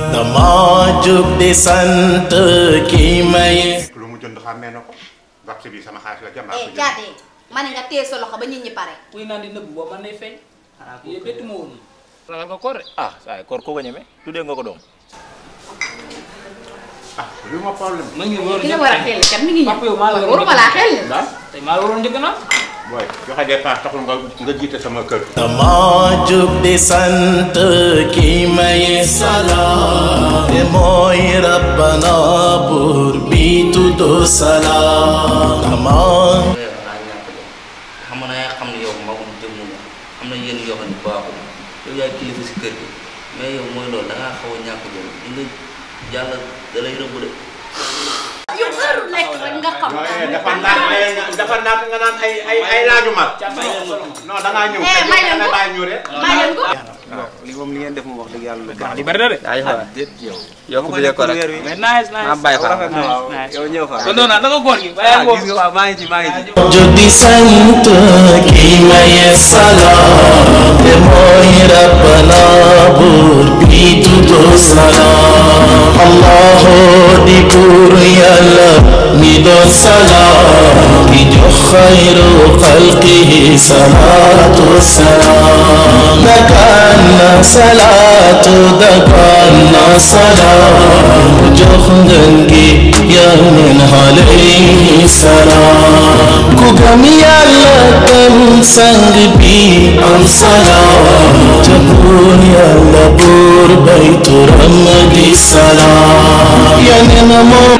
dama jug di sant kii maye. lu mu jënd xàmmee bi sama xaalis la nga ko ko ñeme ah, ma a sama kër. dama jug di sant kii maye. موي ربنا بور بيتو دو سلام amaan xam nga naa xam ne yow magum jëmm nga na yenn yoo xam ne baaxul yow yaay kilifa si kër gi yow mooy loolu da ngaa a ñàkk jom di nga yàlla da lay rëbb de yow heure nga naan ay dafa naan non da eh, moom li ngeen def moom wax dëgg yàlla lu baax. li bari na de. ah déet yow. yow ku bëggee ko a mais nice nice. maa bàyyi faa waaw ah, ngi ci maa ngi ci. salaam te mooy bi tuddu di buur yàlla mi doon salaam. خير خلقه صلاة السلام دكان صلاة دكان صلاة جخدنجي يا من عليه السلام كوكم يا لتم سنجبي أم صلاة تكون يا لبور بيت رمدي صلاة يا من مور